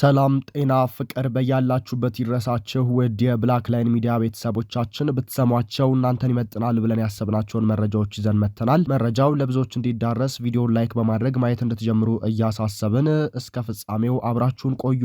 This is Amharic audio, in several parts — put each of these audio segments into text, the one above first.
ሰላም ጤና ፍቅር በያላችሁበት ይድረሳችሁ። ውድ የብላክ ላይን ሚዲያ ቤተሰቦቻችን ብትሰሟቸው እናንተን ይመጥናል ብለን ያሰብናቸውን መረጃዎች ይዘን መጥተናል። መረጃው ለብዙዎች እንዲዳረስ ቪዲዮን ላይክ በማድረግ ማየት እንድትጀምሩ እያሳሰብን እስከ ፍጻሜው አብራችሁን ቆዩ።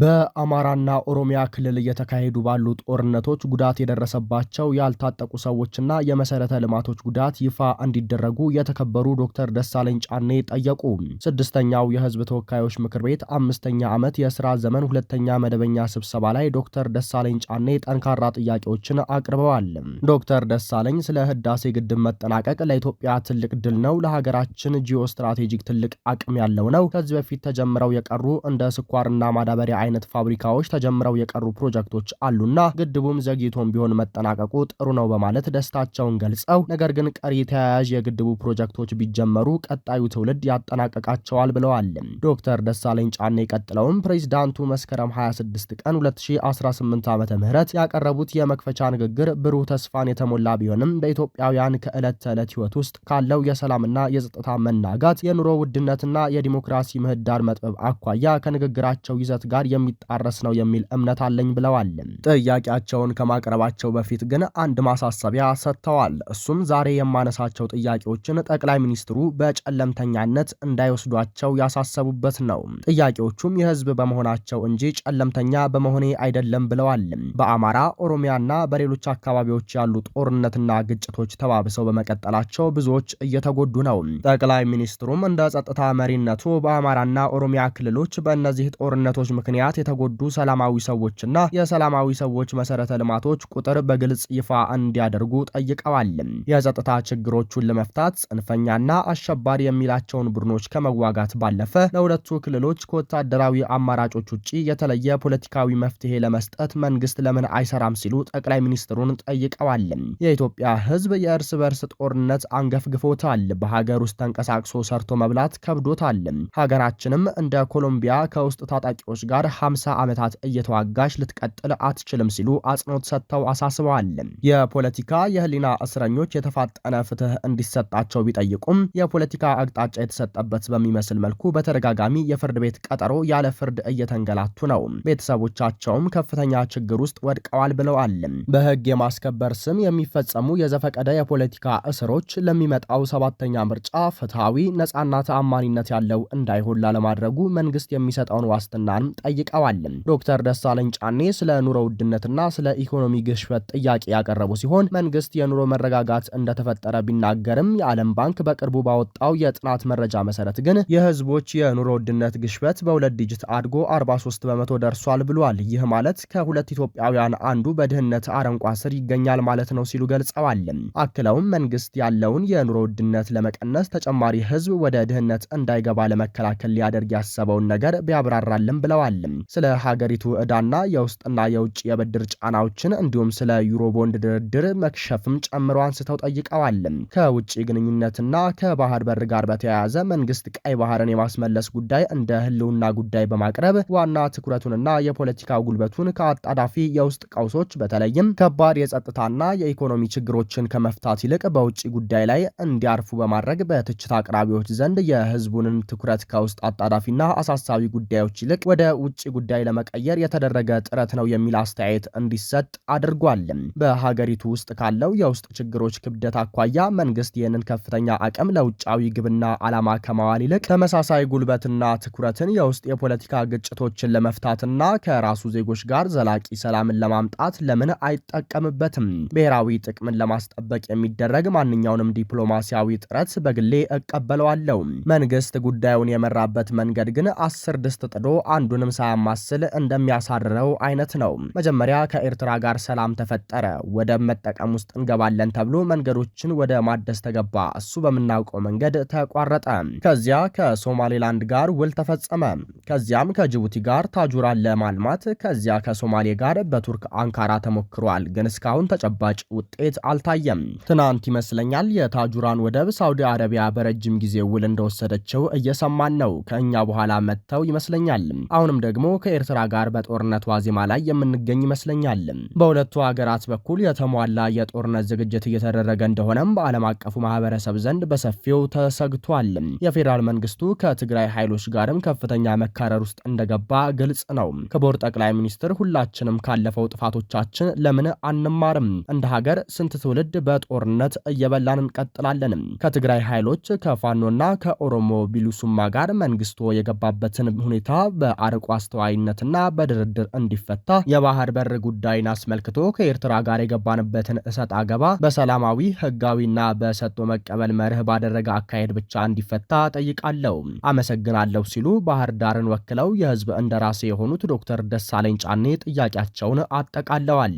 በአማራና ኦሮሚያ ክልል እየተካሄዱ ባሉ ጦርነቶች ጉዳት የደረሰባቸው ያልታጠቁ ሰዎችና የመሰረተ ልማቶች ጉዳት ይፋ እንዲደረጉ የተከበሩ ዶክተር ደሳለኝ ጫኔ ጠየቁ። ስድስተኛው የህዝብ ተወካዮች ምክር ቤት አምስተኛ ዓመት የስራ ዘመን ሁለተኛ መደበኛ ስብሰባ ላይ ዶክተር ደሳለኝ ጫኔ ጠንካራ ጥያቄዎችን አቅርበዋል። ዶክተር ደሳለኝ ስለ ህዳሴ ግድብ መጠናቀቅ ለኢትዮጵያ ትልቅ ድል ነው፣ ለሀገራችን ጂኦ ስትራቴጂክ ትልቅ አቅም ያለው ነው። ከዚህ በፊት ተጀምረው የቀሩ እንደ ስኳርና ማዳበሪያ አይነት ፋብሪካዎች ተጀምረው የቀሩ ፕሮጀክቶች አሉና ግድቡም ዘግይቶም ቢሆን መጠናቀቁ ጥሩ ነው በማለት ደስታቸውን ገልጸው፣ ነገር ግን ቀሪ ተያያዥ የግድቡ ፕሮጀክቶች ቢጀመሩ ቀጣዩ ትውልድ ያጠናቀቃቸዋል ብለዋል። ዶክተር ደሳለኝ ጫኔ ቀጥለውም ፕሬዚዳንቱ መስከረም 26 ቀን 2018 ዓ ም ያቀረቡት የመክፈቻ ንግግር ብሩህ ተስፋን የተሞላ ቢሆንም በኢትዮጵያውያን ከዕለት ተዕለት ህይወት ውስጥ ካለው የሰላምና የጸጥታ መናጋት፣ የኑሮ ውድነትና የዲሞክራሲ ምህዳር መጥበብ አኳያ ከንግግራቸው ይዘት ጋር የሚጣረስ ነው የሚል እምነት አለኝ ብለዋል። ጥያቄያቸውን ከማቅረባቸው በፊት ግን አንድ ማሳሰቢያ ሰጥተዋል። እሱም ዛሬ የማነሳቸው ጥያቄዎችን ጠቅላይ ሚኒስትሩ በጨለምተኛነት እንዳይወስዷቸው ያሳሰቡበት ነው። ጥያቄዎቹም የህዝብ በመሆናቸው እንጂ ጨለምተኛ በመሆኔ አይደለም ብለዋል። በአማራ ኦሮሚያና በሌሎች አካባቢዎች ያሉ ጦርነትና ግጭቶች ተባብሰው በመቀጠላቸው ብዙዎች እየተጎዱ ነው። ጠቅላይ ሚኒስትሩም እንደ ጸጥታ መሪነቱ በአማራና ኦሮሚያ ክልሎች በእነዚህ ጦርነቶች ምክንያት ምክንያት የተጎዱ ሰላማዊ ሰዎችና የሰላማዊ ሰዎች መሰረተ ልማቶች ቁጥር በግልጽ ይፋ እንዲያደርጉ ጠይቀዋል። የጸጥታ ችግሮቹን ለመፍታት ጽንፈኛና አሸባሪ የሚላቸውን ቡድኖች ከመዋጋት ባለፈ ለሁለቱ ክልሎች ከወታደራዊ አማራጮች ውጭ የተለየ ፖለቲካዊ መፍትሄ ለመስጠት መንግስት ለምን አይሰራም ሲሉ ጠቅላይ ሚኒስትሩን ጠይቀዋል። የኢትዮጵያ ሕዝብ የእርስ በርስ ጦርነት አንገፍግፎታል። በሀገር ውስጥ ተንቀሳቅሶ ሰርቶ መብላት ከብዶታል። ሀገራችንም እንደ ኮሎምቢያ ከውስጥ ታጣቂዎች ጋር 50 ዓመታት እየተዋጋች ልትቀጥል አትችልም ሲሉ አጽንኦት ሰጥተው አሳስበዋል። የፖለቲካ የህሊና እስረኞች የተፋጠነ ፍትህ እንዲሰጣቸው ቢጠይቁም የፖለቲካ አቅጣጫ የተሰጠበት በሚመስል መልኩ በተደጋጋሚ የፍርድ ቤት ቀጠሮ ያለ ፍርድ እየተንገላቱ ነው። ቤተሰቦቻቸውም ከፍተኛ ችግር ውስጥ ወድቀዋል ብለዋል። በህግ የማስከበር ስም የሚፈጸሙ የዘፈቀደ የፖለቲካ እስሮች ለሚመጣው ሰባተኛ ምርጫ ፍትሐዊ፣ ነጻና ተአማኒነት ያለው እንዳይሆን ላለማድረጉ መንግስት የሚሰጠውን ዋስትናንም ጠይቀ ጠይቀዋል። ዶክተር ደሳለኝ ጫኔ ስለ ኑሮ ውድነትና ስለ ኢኮኖሚ ግሽበት ጥያቄ ያቀረቡ ሲሆን መንግስት የኑሮ መረጋጋት እንደተፈጠረ ቢናገርም የዓለም ባንክ በቅርቡ ባወጣው የጥናት መረጃ መሰረት ግን የህዝቦች የኑሮ ውድነት ግሽበት በሁለት ዲጂት አድጎ 43 በመቶ ደርሷል ብሏል። ይህ ማለት ከሁለት ኢትዮጵያውያን አንዱ በድህነት አረንቋ ስር ይገኛል ማለት ነው ሲሉ ገልጸዋል። አክለውም መንግስት ያለውን የኑሮ ውድነት ለመቀነስ ተጨማሪ ህዝብ ወደ ድህነት እንዳይገባ ለመከላከል ሊያደርግ ያሰበውን ነገር ቢያብራራልን ብለዋል። ተናግረዋል። ስለ ሀገሪቱ ዕዳና የውስጥና የውጭ የብድር ጫናዎችን እንዲሁም ስለ ዩሮቦንድ ድርድር መክሸፍም ጨምሮ አንስተው ጠይቀዋል። ከውጭ ግንኙነትና ከባህር በር ጋር በተያያዘ መንግስት ቀይ ባህርን የማስመለስ ጉዳይ እንደ ህልውና ጉዳይ በማቅረብ ዋና ትኩረቱንና የፖለቲካ ጉልበቱን ከአጣዳፊ የውስጥ ቀውሶች በተለይም ከባድ የጸጥታና የኢኮኖሚ ችግሮችን ከመፍታት ይልቅ በውጭ ጉዳይ ላይ እንዲያርፉ በማድረግ በትችት አቅራቢዎች ዘንድ የህዝቡንን ትኩረት ከውስጥ አጣዳፊና አሳሳቢ ጉዳዮች ይልቅ ወደ ውጭ ጉዳይ ለመቀየር የተደረገ ጥረት ነው የሚል አስተያየት እንዲሰጥ አድርጓል። በሀገሪቱ ውስጥ ካለው የውስጥ ችግሮች ክብደት አኳያ መንግስት ይህንን ከፍተኛ አቅም ለውጫዊ ግብና ዓላማ ከማዋል ይልቅ ተመሳሳይ ጉልበትና ትኩረትን የውስጥ የፖለቲካ ግጭቶችን ለመፍታትና ከራሱ ዜጎች ጋር ዘላቂ ሰላምን ለማምጣት ለምን አይጠቀምበትም? ብሔራዊ ጥቅምን ለማስጠበቅ የሚደረግ ማንኛውንም ዲፕሎማሲያዊ ጥረት በግሌ እቀበለዋለሁ። መንግስት ጉዳዩን የመራበት መንገድ ግን አስር ድስት ጥዶ አንዱንም ሳያማስል እንደሚያሳርረው አይነት ነው። መጀመሪያ ከኤርትራ ጋር ሰላም ተፈጠረ፣ ወደብ መጠቀም ውስጥ እንገባለን ተብሎ መንገዶችን ወደ ማደስ ተገባ። እሱ በምናውቀው መንገድ ተቋረጠ። ከዚያ ከሶማሌላንድ ጋር ውል ተፈጸመ። ከዚያም ከጅቡቲ ጋር ታጁራን ለማልማት ከዚያ ከሶማሌ ጋር በቱርክ አንካራ ተሞክሯል። ግን እስካሁን ተጨባጭ ውጤት አልታየም። ትናንት ይመስለኛል የታጁራን ወደብ ሳውዲ አረቢያ በረጅም ጊዜ ውል እንደወሰደችው እየሰማን ነው። ከእኛ በኋላ መጥተው ይመስለኛል። አሁንም ደግሞ ከኤርትራ ጋር በጦርነት ዋዜማ ላይ የምንገኝ ይመስለኛል። በሁለቱ ሀገራት በኩል የተሟላ የጦርነት ዝግጅት እየተደረገ እንደሆነም በዓለም አቀፉ ማህበረሰብ ዘንድ በሰፊው ተሰግቷል። የፌዴራል መንግስቱ ከትግራይ ኃይሎች ጋርም ከፍተኛ መካረር ውስጥ እንደገባ ግልጽ ነው። ክቡር ጠቅላይ ሚኒስትር፣ ሁላችንም ካለፈው ጥፋቶቻችን ለምን አንማርም? እንደ ሀገር ስንት ትውልድ በጦርነት እየበላን እንቀጥላለን? ከትግራይ ኃይሎች ከፋኖና ከኦሮሞ ቢሉሱማ ጋር መንግስቶ የገባበትን ሁኔታ በአርቋ አስተዋይነትና በድርድር እንዲፈታ የባህር በር ጉዳይን አስመልክቶ ከኤርትራ ጋር የገባንበትን እሰጥ አገባ በሰላማዊ ህጋዊና በሰጥቶ መቀበል መርህ ባደረገ አካሄድ ብቻ እንዲፈታ ጠይቃለሁ፣ አመሰግናለሁ ሲሉ ባህር ዳርን ወክለው የህዝብ እንደራሴ የሆኑት ዶክተር ደሳለኝ ጫኔ ጥያቄያቸውን አጠቃለዋል።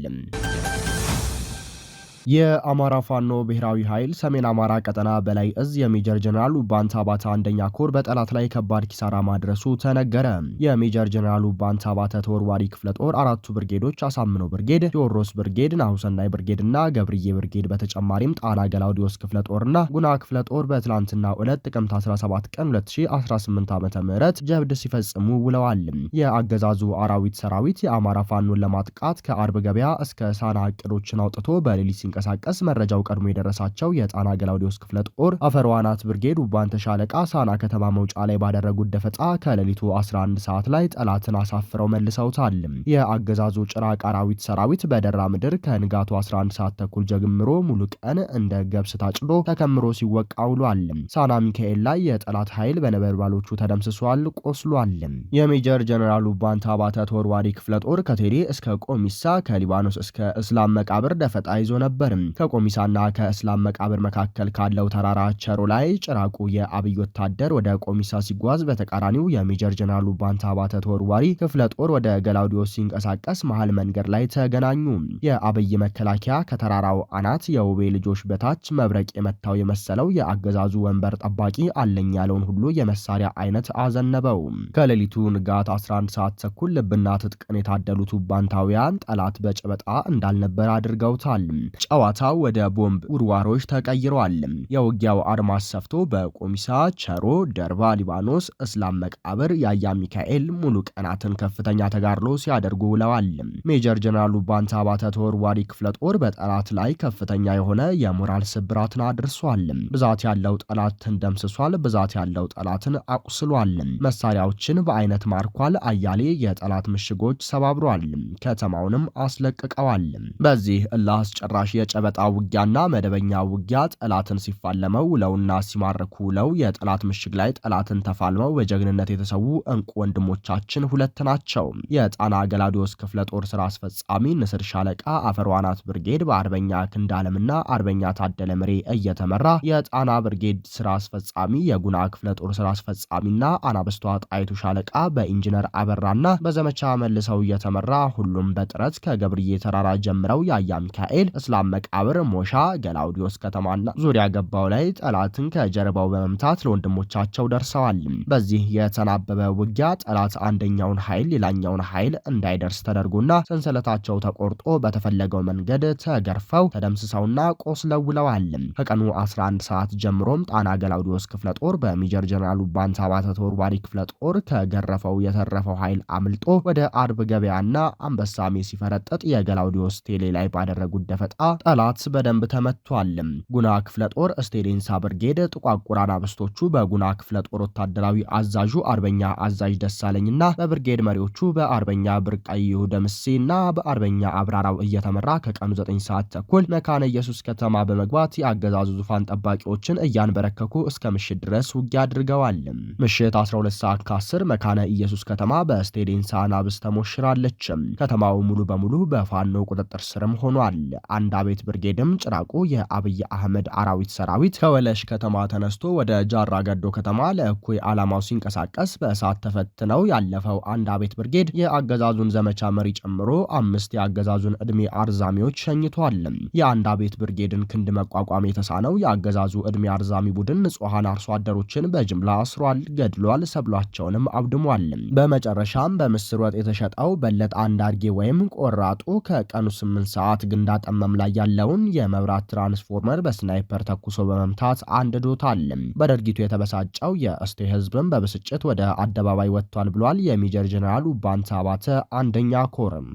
የአማራ ፋኖ ብሔራዊ ኃይል ሰሜን አማራ ቀጠና በላይ እዝ የሜጀር ጀነራል ባንታ አንደኛ ኮር በጠላት ላይ ከባድ ኪሳራ ማድረሱ ተነገረ። የሜጀር ጀነራሉ ባንታ ባተ ተወርዋሪ ክፍለ ጦር አራቱ ብርጌዶች አሳምነው ብርጌድ፣ ቴዎድሮስ ብርጌድ፣ ናሁሰናይ ብርጌድ እና ገብርዬ ብርጌድ በተጨማሪም ጣና ገላውዲዮስ ክፍለ ጦርና ጉና ክፍለ ጦር በትላንትና ዕለት ጥቅምት 17 ቀን 2018 ዓ ም ጀብድ ሲፈጽሙ ውለዋል። የአገዛዙ አራዊት ሰራዊት የአማራ ፋኖን ለማጥቃት ከአርብ ገበያ እስከ ሳና እቅዶችን አውጥቶ በሌሊት ሲንቀሳቀስ መረጃው ቀድሞ የደረሳቸው የጣና ገላውዲዮስ ክፍለ ጦር አፈር ብርጌድ ውባንተ ሻለቃ ሳና ከተማ መውጫ ላይ ባደረጉት ደፈጣ ከሌሊቱ 11 ሰዓት ላይ ጠላትን አሳፍረው መልሰውታል። የአገዛዙ ጭራ ቃራዊት ሰራዊት በደራ ምድር ከንጋቱ 11 ሰዓት ተኩል ጀምሮ ሙሉ ቀን እንደ ገብስ ታጭዶ ተከምሮ ሲወቃ ውሏል። ሳና ሚካኤል ላይ የጠላት ኃይል በነበልባሎቹ ተደምስሷል፣ ቆስሏል። የሜጀር ጀነራል ውባንተ አባተ ተወርዋሪ ክፍለ ጦር ከቴሌ እስከ ቆሚሳ ከሊባኖስ እስከ እስላም መቃብር ደፈጣ ይዞ ነበር። ነበር። ከቆሚሳና ከእስላም መቃብር መካከል ካለው ተራራ ቸሮ ላይ ጭራቁ የአብይ ወታደር ወደ ቆሚሳ ሲጓዝ፣ በተቃራኒው የሜጀር ጀነራሉ ባንታ ባተ ተወርዋሪ ክፍለ ጦር ወደ ገላውዲዮስ ሲንቀሳቀስ መሀል መንገድ ላይ ተገናኙ። የአብይ መከላከያ ከተራራው አናት የውቤ ልጆች በታች መብረቅ የመታው የመሰለው የአገዛዙ ወንበር ጠባቂ አለኝ ያለውን ሁሉ የመሳሪያ አይነት አዘነበው። ከሌሊቱ ንጋት 11 ሰዓት ተኩል ልብና ትጥቅን የታደሉት ባንታውያን ጠላት በጨበጣ እንዳልነበር አድርገውታል። ጨዋታ ወደ ቦምብ ውርዋሮች ተቀይረዋል። የውጊያው አድማስ ሰፍቶ በቆሚሳ፣ ቸሮ፣ ደርባ ሊባኖስ፣ እስላም መቃብር፣ ያያ ሚካኤል ሙሉ ቀናትን ከፍተኛ ተጋድሎ ሲያደርጉ ውለዋል። ሜጀር ጀነራሉ ባንታ አባተ ተወርዋሪ ክፍለ ጦር በጠላት ላይ ከፍተኛ የሆነ የሞራል ስብራትን አድርሷል። ብዛት ያለው ጠላትን ደምስሷል። ብዛት ያለው ጠላትን አቁስሏል። መሳሪያዎችን በአይነት ማርኳል። አያሌ የጠላት ምሽጎች ሰባብሯል። ከተማውንም አስለቅቀዋል። በዚህ እልህ አስጨራሽ የጨበጣ ውጊያና መደበኛ ውጊያ ጠላትን ሲፋለመው ውለውና ሲማርኩ ውለው የጠላት ምሽግ ላይ ጠላትን ተፋልመው በጀግንነት የተሰዉ እንቁ ወንድሞቻችን ሁለት ናቸው። የጣና ገላዲዮስ ክፍለ ጦር ስራ አስፈጻሚ ንስር ሻለቃ አፈር ብርጌድ በአርበኛ ክንዳለምና አርበኛ ታደለ ምሬ እየተመራ የጣና ብርጌድ ስራ አስፈጻሚ፣ የጉና ክፍለ ጦር ስራ አስፈጻሚና አናበስቷ ጣይቱ ሻለቃ በኢንጂነር አበራና በዘመቻ መልሰው እየተመራ ሁሉም በጥረት ከገብርዬ ተራራ ጀምረው ያያ ሚካኤል እስላም መቃብር ሞሻ ገላውዲዮስ ከተማና ዙሪያ ገባው ላይ ጠላትን ከጀርባው በመምታት ለወንድሞቻቸው ደርሰዋል። በዚህ የተናበበ ውጊያ ጠላት አንደኛውን ኃይል ሌላኛውን ኃይል እንዳይደርስ ተደርጎና ሰንሰለታቸው ተቆርጦ በተፈለገው መንገድ ተገርፈው ተደምስሰውና ቆስለው ውለዋል። ከቀኑ 11 ሰዓት ጀምሮም ጣና ገላውዲዮስ ክፍለ ጦር በሜጀር ጀነራሉ ባንታ ተወርዋሪ ክፍለ ጦር ከገረፈው የተረፈው ኃይል አምልጦ ወደ አርብ ገበያና አንበሳሜ ሲፈረጠጥ የገላውዲዮስ ቴሌ ላይ ባደረጉት ደፈጣ ጠላት በደንብ ተመቷል። ጉና ክፍለ ጦር ስቴዴንሳ ብርጌድ ጥቋቁር አናብስቶቹ በጉና ክፍለ ጦር ወታደራዊ አዛዡ አርበኛ አዛዥ ደሳለኝና በብርጌድ መሪዎቹ በአርበኛ ብርቃዩ ደምሴና በአርበኛ አብራራው እየተመራ ከቀኑ 9 ሰዓት ተኩል መካነ ኢየሱስ ከተማ በመግባት የአገዛዙ ዙፋን ጠባቂዎችን እያንበረከኩ እስከ ምሽት ድረስ ውጊያ አድርገዋል። ምሽት 12 ሰዓት ከ10 መካነ ኢየሱስ ከተማ በስቴዴንሳ አናብስ ተሞሽራለች። ከተማው ሙሉ በሙሉ በፋኖ ቁጥጥር ስርም ሆኗል። አንድ ቤት ብርጌድም ጭራቁ የአብይ አህመድ አራዊት ሰራዊት ከወለሽ ከተማ ተነስቶ ወደ ጃራ ገዶ ከተማ ለእኩይ ዓላማው ሲንቀሳቀስ በእሳት ተፈትነው ያለፈው አንድ አቤት ብርጌድ የአገዛዙን ዘመቻ መሪ ጨምሮ አምስት የአገዛዙን ዕድሜ አርዛሚዎች ሸኝቷል። የአንድ አቤት ብርጌድን ክንድ መቋቋም የተሳነው የአገዛዙ ዕድሜ አርዛሚ ቡድን ንጹሐን አርሶ አደሮችን በጅምላ አስሯል፣ ገድሏል፣ ሰብሏቸውንም አውድሟል። በመጨረሻም በምስር ወጥ የተሸጠው በለጠ አንዳርጌ ወይም ቆራጡ ከቀኑ ስምንት ሰዓት ግንዳ ጠመም ላይ ያለውን የመብራት ትራንስፎርመር በስናይፐር ተኩሶ በመምታት አንድዶታል። በድርጊቱ የተበሳጨው የእስቴ ህዝብም በብስጭት ወደ አደባባይ ወጥቷል ብሏል። የሜጀር ጀነራል ባንታ አባተ አንደኛ ኮርም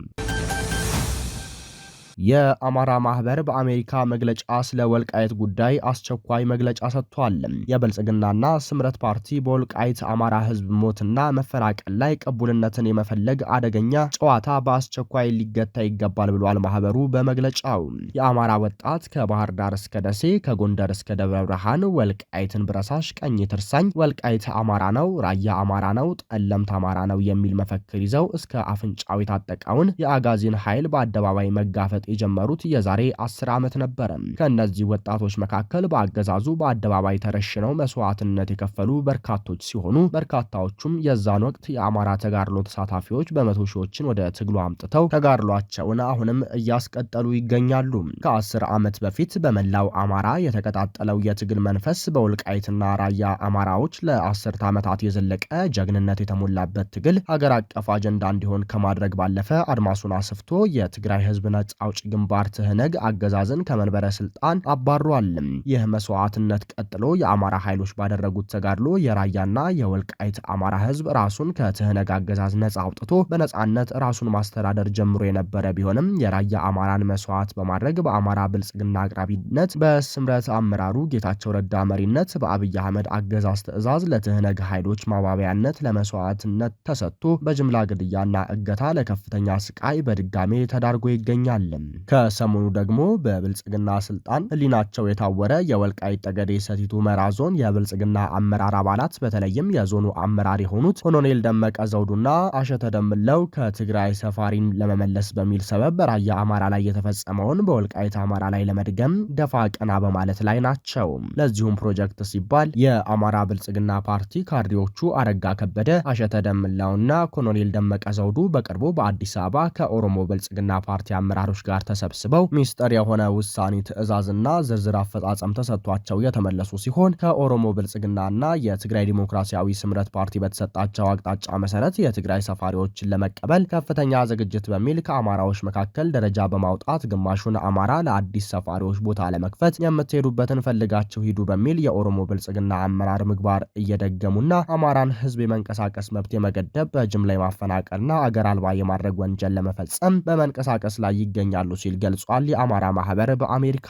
የአማራ ማህበር በአሜሪካ መግለጫ ስለ ወልቃየት ጉዳይ አስቸኳይ መግለጫ ሰጥቷል። የብልጽግናና ስምረት ፓርቲ በወልቃይት አማራ ህዝብ ሞትና መፈናቀል ላይ ቅቡልነትን የመፈለግ አደገኛ ጨዋታ በአስቸኳይ ሊገታ ይገባል ብሏል። ማህበሩ በመግለጫው የአማራ ወጣት ከባህር ዳር እስከ ደሴ፣ ከጎንደር እስከ ደብረ ብርሃን ወልቃይትን ብረሳሽ ቀኝ ትርሳኝ ወልቃይት አማራ ነው፣ ራያ አማራ ነው፣ ጠለምት አማራ ነው የሚል መፈክር ይዘው እስከ አፍንጫው የታጠቀውን የአጋዚን ኃይል በአደባባይ መጋፈጥ የጀመሩት የዛሬ አስር ዓመት ነበረ። ከእነዚህ ወጣቶች መካከል በአገዛዙ በአደባባይ ተረሽነው መስዋዕትነት የከፈሉ በርካቶች ሲሆኑ በርካታዎቹም የዛን ወቅት የአማራ ተጋድሎ ተሳታፊዎች በመቶ ሺዎችን ወደ ትግሉ አምጥተው ተጋድሏቸውን አሁንም እያስቀጠሉ ይገኛሉ። ከአስር ዓመት በፊት በመላው አማራ የተቀጣጠለው የትግል መንፈስ በወልቃይትና ራያ አማራዎች ለአስርት ዓመታት የዘለቀ ጀግንነት የተሞላበት ትግል ሀገር አቀፍ አጀንዳ እንዲሆን ከማድረግ ባለፈ አድማሱን አስፍቶ የትግራይ ህዝብ ነጻ አውጭ ነውጠኞች ግንባር ትህነግ አገዛዝን ከመንበረ ስልጣን አባሯል። ይህ መስዋዕትነት ቀጥሎ የአማራ ኃይሎች ባደረጉት ተጋድሎ የራያና የወልቃይት አማራ ህዝብ ራሱን ከትህነግ አገዛዝ ነጻ አውጥቶ በነጻነት ራሱን ማስተዳደር ጀምሮ የነበረ ቢሆንም የራያ አማራን መስዋዕት በማድረግ በአማራ ብልጽግና አቅራቢነት በስምረት አመራሩ ጌታቸው ረዳ መሪነት በአብይ አህመድ አገዛዝ ትዕዛዝ ለትህነግ ኃይሎች ማባቢያነት ለመስዋዕትነት ተሰጥቶ በጅምላ ግድያና እገታ ለከፍተኛ ስቃይ በድጋሜ ተዳርጎ ይገኛል። ከሰሞኑ ደግሞ በብልጽግና ስልጣን ህሊናቸው የታወረ የወልቃይት ጠገዴ ሰቲት ሁመራ ዞን የብልጽግና አመራር አባላት በተለይም የዞኑ አመራር የሆኑት ኮሎኔል ደመቀ ዘውዱና አሸተ ደምለው ከትግራይ ሰፋሪን ለመመለስ በሚል ሰበብ በራያ አማራ ላይ የተፈጸመውን በወልቃይት አማራ ላይ ለመድገም ደፋ ቀና በማለት ላይ ናቸው። ለዚሁም ፕሮጀክት ሲባል የአማራ ብልጽግና ፓርቲ ካድሬዎቹ አረጋ ከበደ፣ አሸተ ደምለውና ኮሎኔል ደመቀ ዘውዱ በቅርቡ በአዲስ አበባ ከኦሮሞ ብልጽግና ፓርቲ አመራሮች ጋር ተሰብስበው ሚስጥር የሆነ ውሳኔ ትዕዛዝና ዝርዝር አፈጻጸም ተሰጥቷቸው የተመለሱ ሲሆን ከኦሮሞ ብልጽግናና የትግራይ ዲሞክራሲያዊ ስምረት ፓርቲ በተሰጣቸው አቅጣጫ መሰረት የትግራይ ሰፋሪዎችን ለመቀበል ከፍተኛ ዝግጅት በሚል ከአማራዎች መካከል ደረጃ በማውጣት ግማሹን አማራ ለአዲስ ሰፋሪዎች ቦታ ለመክፈት የምትሄዱበትን ፈልጋችሁ ሂዱ በሚል የኦሮሞ ብልጽግና አመራር ምግባር እየደገሙና አማራን ህዝብ የመንቀሳቀስ መብት የመገደብ በጅምላ የማፈናቀልና አገር አልባ የማድረግ ወንጀል ለመፈጸም በመንቀሳቀስ ላይ ይገኛል ይገኛሉ ሲል ገልጿል። የአማራ ማህበር በአሜሪካ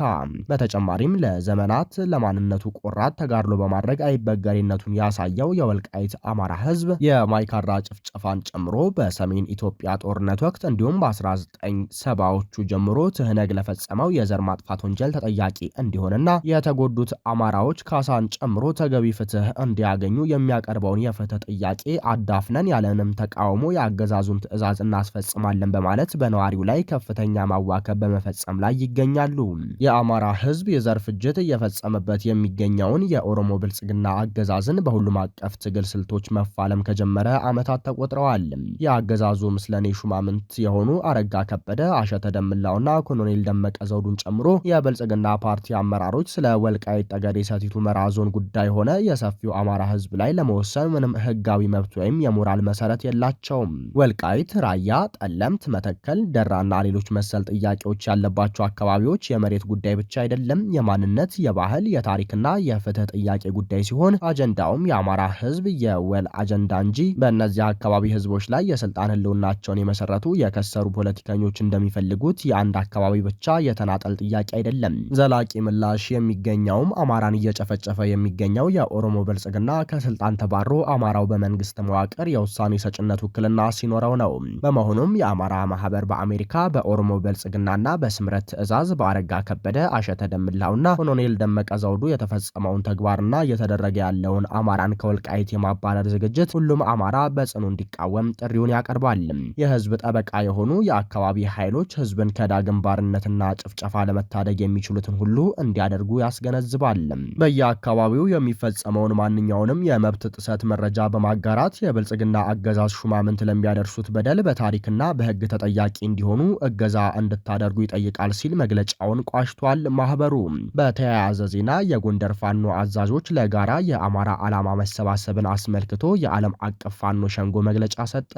በተጨማሪም ለዘመናት ለማንነቱ ቆራት ተጋድሎ በማድረግ አይበገሬነቱን ያሳየው የወልቃይት አማራ ህዝብ የማይካራ ጭፍጨፋን ጨምሮ በሰሜን ኢትዮጵያ ጦርነት ወቅት እንዲሁም በ1970ዎቹ ጀምሮ ትህነግ ለፈጸመው የዘር ማጥፋት ወንጀል ተጠያቂ እንዲሆንና የተጎዱት አማራዎች ካሳን ጨምሮ ተገቢ ፍትህ እንዲያገኙ የሚያቀርበውን የፍትህ ጥያቄ አዳፍነን ያለንም ተቃውሞ የአገዛዙን ትዕዛዝ እናስፈጽማለን በማለት በነዋሪው ላይ ከፍተኛ ማ ማዋከብ በመፈጸም ላይ ይገኛሉ። የአማራ ህዝብ የዘር ፍጅት እየፈጸመበት የሚገኘውን የኦሮሞ ብልጽግና አገዛዝን በሁሉም አቀፍ ትግል ስልቶች መፋለም ከጀመረ ዓመታት ተቆጥረዋል። የአገዛዙ ምስለኔ ሹማምንት የሆኑ አረጋ ከበደ፣ አሸተ ደምላውና ኮሎኔል ደመቀ ዘውዱን ጨምሮ የብልጽግና ፓርቲ አመራሮች ስለ ወልቃይት ጠገዴ ሰቲቱ መራዞን ጉዳይ ሆነ የሰፊው አማራ ህዝብ ላይ ለመወሰን ምንም ህጋዊ መብት ወይም የሞራል መሰረት የላቸውም። ወልቃይት፣ ራያ፣ ጠለምት፣ መተከል፣ ደራና ሌሎች መሰል ጥያቄዎች ያለባቸው አካባቢዎች የመሬት ጉዳይ ብቻ አይደለም፣ የማንነት የባህል፣ የታሪክና የፍትህ ጥያቄ ጉዳይ ሲሆን አጀንዳውም የአማራ ህዝብ የወል አጀንዳ እንጂ በእነዚህ አካባቢ ህዝቦች ላይ የስልጣን ህልውናቸውን የመሰረቱ የከሰሩ ፖለቲከኞች እንደሚፈልጉት የአንድ አካባቢ ብቻ የተናጠል ጥያቄ አይደለም። ዘላቂ ምላሽ የሚገኘውም አማራን እየጨፈጨፈ የሚገኘው የኦሮሞ ብልጽግና ከስልጣን ተባሮ አማራው በመንግስት መዋቅር የውሳኔ ሰጭነት ውክልና ሲኖረው ነው። በመሆኑም የአማራ ማህበር በአሜሪካ በኦሮሞ ብልጽግናና በስምረት ትዕዛዝ በአረጋ ከበደ፣ አሸተ ደምላውና ኮሎኔል ደመቀ ዘውዱ የተፈጸመውን ተግባርና እየተደረገ ያለውን አማራን ከወልቃይት የማባረር ዝግጅት ሁሉም አማራ በጽኑ እንዲቃወም ጥሪውን ያቀርባል። የህዝብ ጠበቃ የሆኑ የአካባቢ ኃይሎች ህዝብን ከዳግም ባርነትና ጭፍጨፋ ለመታደግ የሚችሉትን ሁሉ እንዲያደርጉ ያስገነዝባል። በየአካባቢው የሚፈጸመውን ማንኛውንም የመብት ጥሰት መረጃ በማጋራት የብልጽግና አገዛዝ ሹማምንት ለሚያደርሱት በደል በታሪክና በህግ ተጠያቂ እንዲሆኑ እገዛ እንድታደርጉ ይጠይቃል ሲል መግለጫውን ቋሽቷል ማህበሩ በተያያዘ ዜና የጎንደር ፋኖ አዛዦች ለጋራ የአማራ ዓላማ መሰባሰብን አስመልክቶ የዓለም አቀፍ ፋኖ ሸንጎ መግለጫ ሰጠ።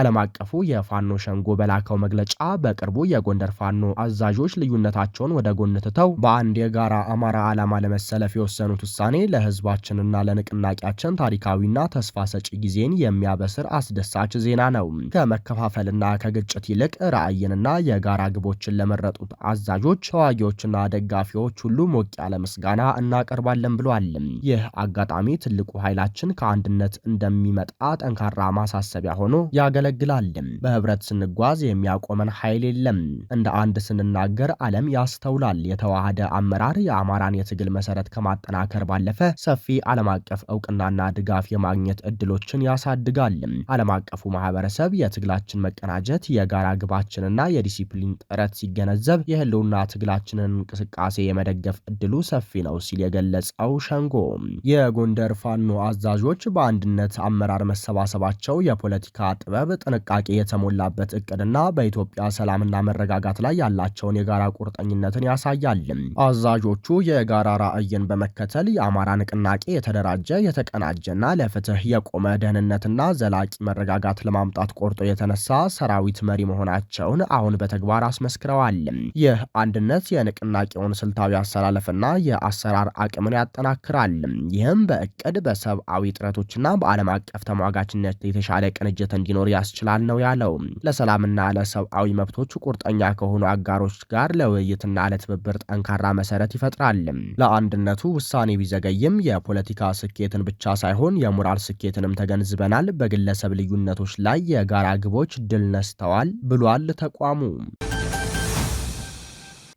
ዓለም አቀፉ የፋኖ ሸንጎ በላከው መግለጫ በቅርቡ የጎንደር ፋኖ አዛዦች ልዩነታቸውን ወደ ጎን ትተው በአንድ የጋራ አማራ ዓላማ ለመሰለፍ የወሰኑት ውሳኔ ለህዝባችንና ለንቅናቄያችን ታሪካዊና ተስፋ ሰጪ ጊዜን የሚያበስር አስደሳች ዜና ነው። ከመከፋፈልና ከግጭት ይልቅ ራዕይንና የጋራ ግቦችን ለመረጡት አዛዦች፣ ተዋጊዎችና ደጋፊዎች ሁሉም ሞቅ ያለ ምስጋና እናቀርባለን ብለዋል። ይህ አጋጣሚ ትልቁ ኃይላችን ከአንድነት እንደሚመጣ ጠንካራ ማሳሰቢያ ሆኖ ያገለግላል። በህብረት ስንጓዝ የሚያቆመን ኃይል የለም። እንደ አንድ ስንናገር ዓለም ያስተውላል። የተዋሃደ አመራር የአማራን የትግል መሰረት ከማጠናከር ባለፈ ሰፊ ዓለም አቀፍ እውቅናና ድጋፍ የማግኘት እድሎችን ያሳድጋል። ዓለም አቀፉ ማህበረሰብ የትግላችን መቀናጀት የጋራ ግባችንና የዲሲፕሊን ጥረት ሲገነዘብ የህልውና ትግላችንን እንቅስቃሴ የመደገፍ እድሉ ሰፊ ነው ሲል የገለጸው ሸንጎ የጎንደር ፋኖ አዛዦች በአንድነት አመራር መሰባሰባቸው የፖለቲካ ጥበብ፣ ጥንቃቄ የተሞላበት እቅድና በኢትዮጵያ ሰላምና መረጋጋት ላይ ያላቸውን የጋራ ቁርጠኝነትን ያሳያል። አዛዦቹ የጋራ ራዕይን በመከተል የአማራ ንቅናቄ የተደራጀ የተቀናጀና ለፍትህ የቆመ ደህንነትና ዘላቂ መረጋጋት ለማምጣት ቆርጦ የተነሳ ሰራዊት መሪ መሆናቸውን አሁን በተግባር በተግባር አስመስክረዋል። ይህ አንድነት የንቅናቄውን ስልታዊ አሰላለፍና የአሰራር አቅምን ያጠናክራል። ይህም በእቅድ በሰብአዊ ጥረቶችና በዓለም አቀፍ ተሟጋችነት የተሻለ ቅንጅት እንዲኖር ያስችላል ነው ያለው። ለሰላምና ለሰብአዊ መብቶች ቁርጠኛ ከሆኑ አጋሮች ጋር ለውይይትና ለትብብር ጠንካራ መሰረት ይፈጥራል። ለአንድነቱ ውሳኔ ቢዘገይም የፖለቲካ ስኬትን ብቻ ሳይሆን የሞራል ስኬትንም ተገንዝበናል፣ በግለሰብ ልዩነቶች ላይ የጋራ ግቦች ድል ነስተዋል ብሏል ተቋሙ።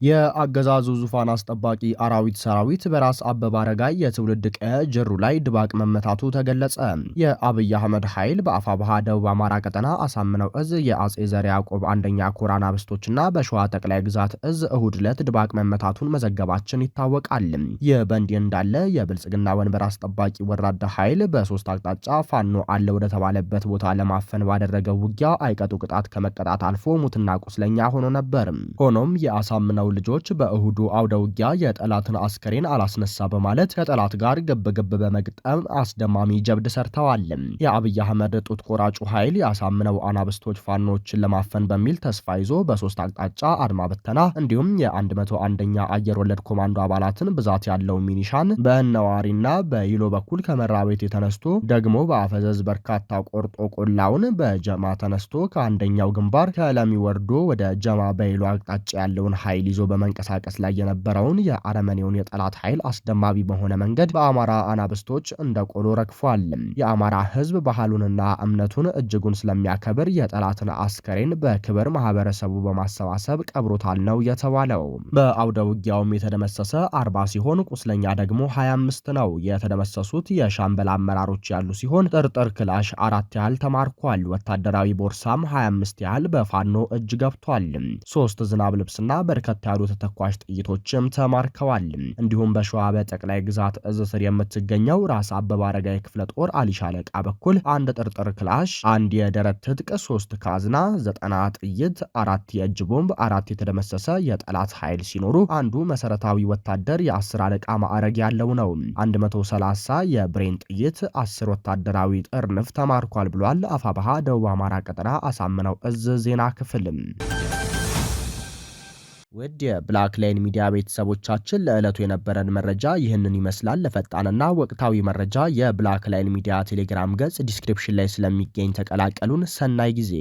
የአገዛዙ ዙፋን አስጠባቂ አራዊት ሰራዊት በራስ አበበ አረጋይ የትውልድ ቀየ ጀሩ ላይ ድባቅ መመታቱ ተገለጸ። የአብይ አህመድ ኃይል በአፋባሃ ደቡብ አማራ ቀጠና አሳምነው እዝ የአጼ ዘር ያዕቆብ አንደኛ ኮራና ብስቶችና በሸዋ ጠቅላይ ግዛት እዝ እሁድ ዕለት ድባቅ መመታቱን መዘገባችን ይታወቃል። ይህ በእንዲህ እንዳለ የብልጽግና ወንበር አስጠባቂ ወራዳ ኃይል በሶስት አቅጣጫ ፋኖ አለ ወደተባለበት ቦታ ለማፈን ባደረገው ውጊያ አይቀጡ ቅጣት ከመቀጣት አልፎ ሙትና ቁስለኛ ሆኖ ነበር። ሆኖም የአሳምነው የሰው ልጆች በእሁዱ አውደ ውጊያ የጠላትን አስከሬን አላስነሳ በማለት ከጠላት ጋር ግብግብ በመግጠም አስደማሚ ጀብድ ሰርተዋል። የአብይ አህመድ ጡት ቆራጩ ኃይል ያሳምነው አናብስቶች ፋኖችን ለማፈን በሚል ተስፋ ይዞ በሶስት አቅጣጫ አድማ ብተና እንዲሁም የ101ኛ አየር ወለድ ኮማንዶ አባላትን ብዛት ያለው ሚኒሻን በእነዋሪና በይሎ በኩል ከመራ ቤት የተነስቶ ደግሞ በአፈዘዝ በርካታ ቆርጦ ቆላውን በጀማ ተነስቶ ከአንደኛው ግንባር ከለሚወርዶ ወደ ጀማ በይሎ አቅጣጫ ያለውን ኃይል ይዞ በመንቀሳቀስ ላይ የነበረውን የአረመኔውን የጠላት ኃይል አስደማቢ በሆነ መንገድ በአማራ አናብስቶች እንደ ቆሎ ረግፏል። የአማራ ሕዝብ ባህሉንና እምነቱን እጅጉን ስለሚያከብር የጠላትን አስከሬን በክብር ማህበረሰቡ በማሰባሰብ ቀብሮታል ነው የተባለው። በአውደ ውጊያውም የተደመሰሰ አርባ ሲሆን ቁስለኛ ደግሞ ሀያ አምስት ነው። የተደመሰሱት የሻምበል አመራሮች ያሉ ሲሆን ጥርጥር ክላሽ አራት ያህል ተማርኳል። ወታደራዊ ቦርሳም ሀያ አምስት ያህል በፋኖ እጅ ገብቷል። ሶስት ዝናብ ልብስና በርከት የከበድ ያሉ ተተኳሽ ጥይቶችም ተማርከዋል። እንዲሁም በሸዋ በጠቅላይ ግዛት እዝ ስር የምትገኘው ራስ አበበ አረጋይ ክፍለ ጦር አሊሻ ሻለቃ በኩል አንድ ጥርጥር ክላሽ፣ አንድ የደረት ትጥቅ፣ ሶስት ካዝና፣ ዘጠና ጥይት፣ አራት የእጅ ቦምብ፣ አራት የተደመሰሰ የጠላት ኃይል ሲኖሩ አንዱ መሰረታዊ ወታደር የአስር አለቃ ማዕረግ ያለው ነው። 130 የብሬን ጥይት፣ አስር ወታደራዊ ጥርንፍ ተማርኳል ብሏል። አፋባሃ ደቡብ አማራ ቀጠና አሳምነው እዝ ዜና ክፍልም ውድ የብላክ ላይን ሚዲያ ቤተሰቦቻችን ለዕለቱ የነበረን መረጃ ይህንን ይመስላል። ለፈጣንና ወቅታዊ መረጃ የብላክ ላይን ሚዲያ ቴሌግራም ገጽ ዲስክሪፕሽን ላይ ስለሚገኝ ተቀላቀሉን። ሰናይ ጊዜ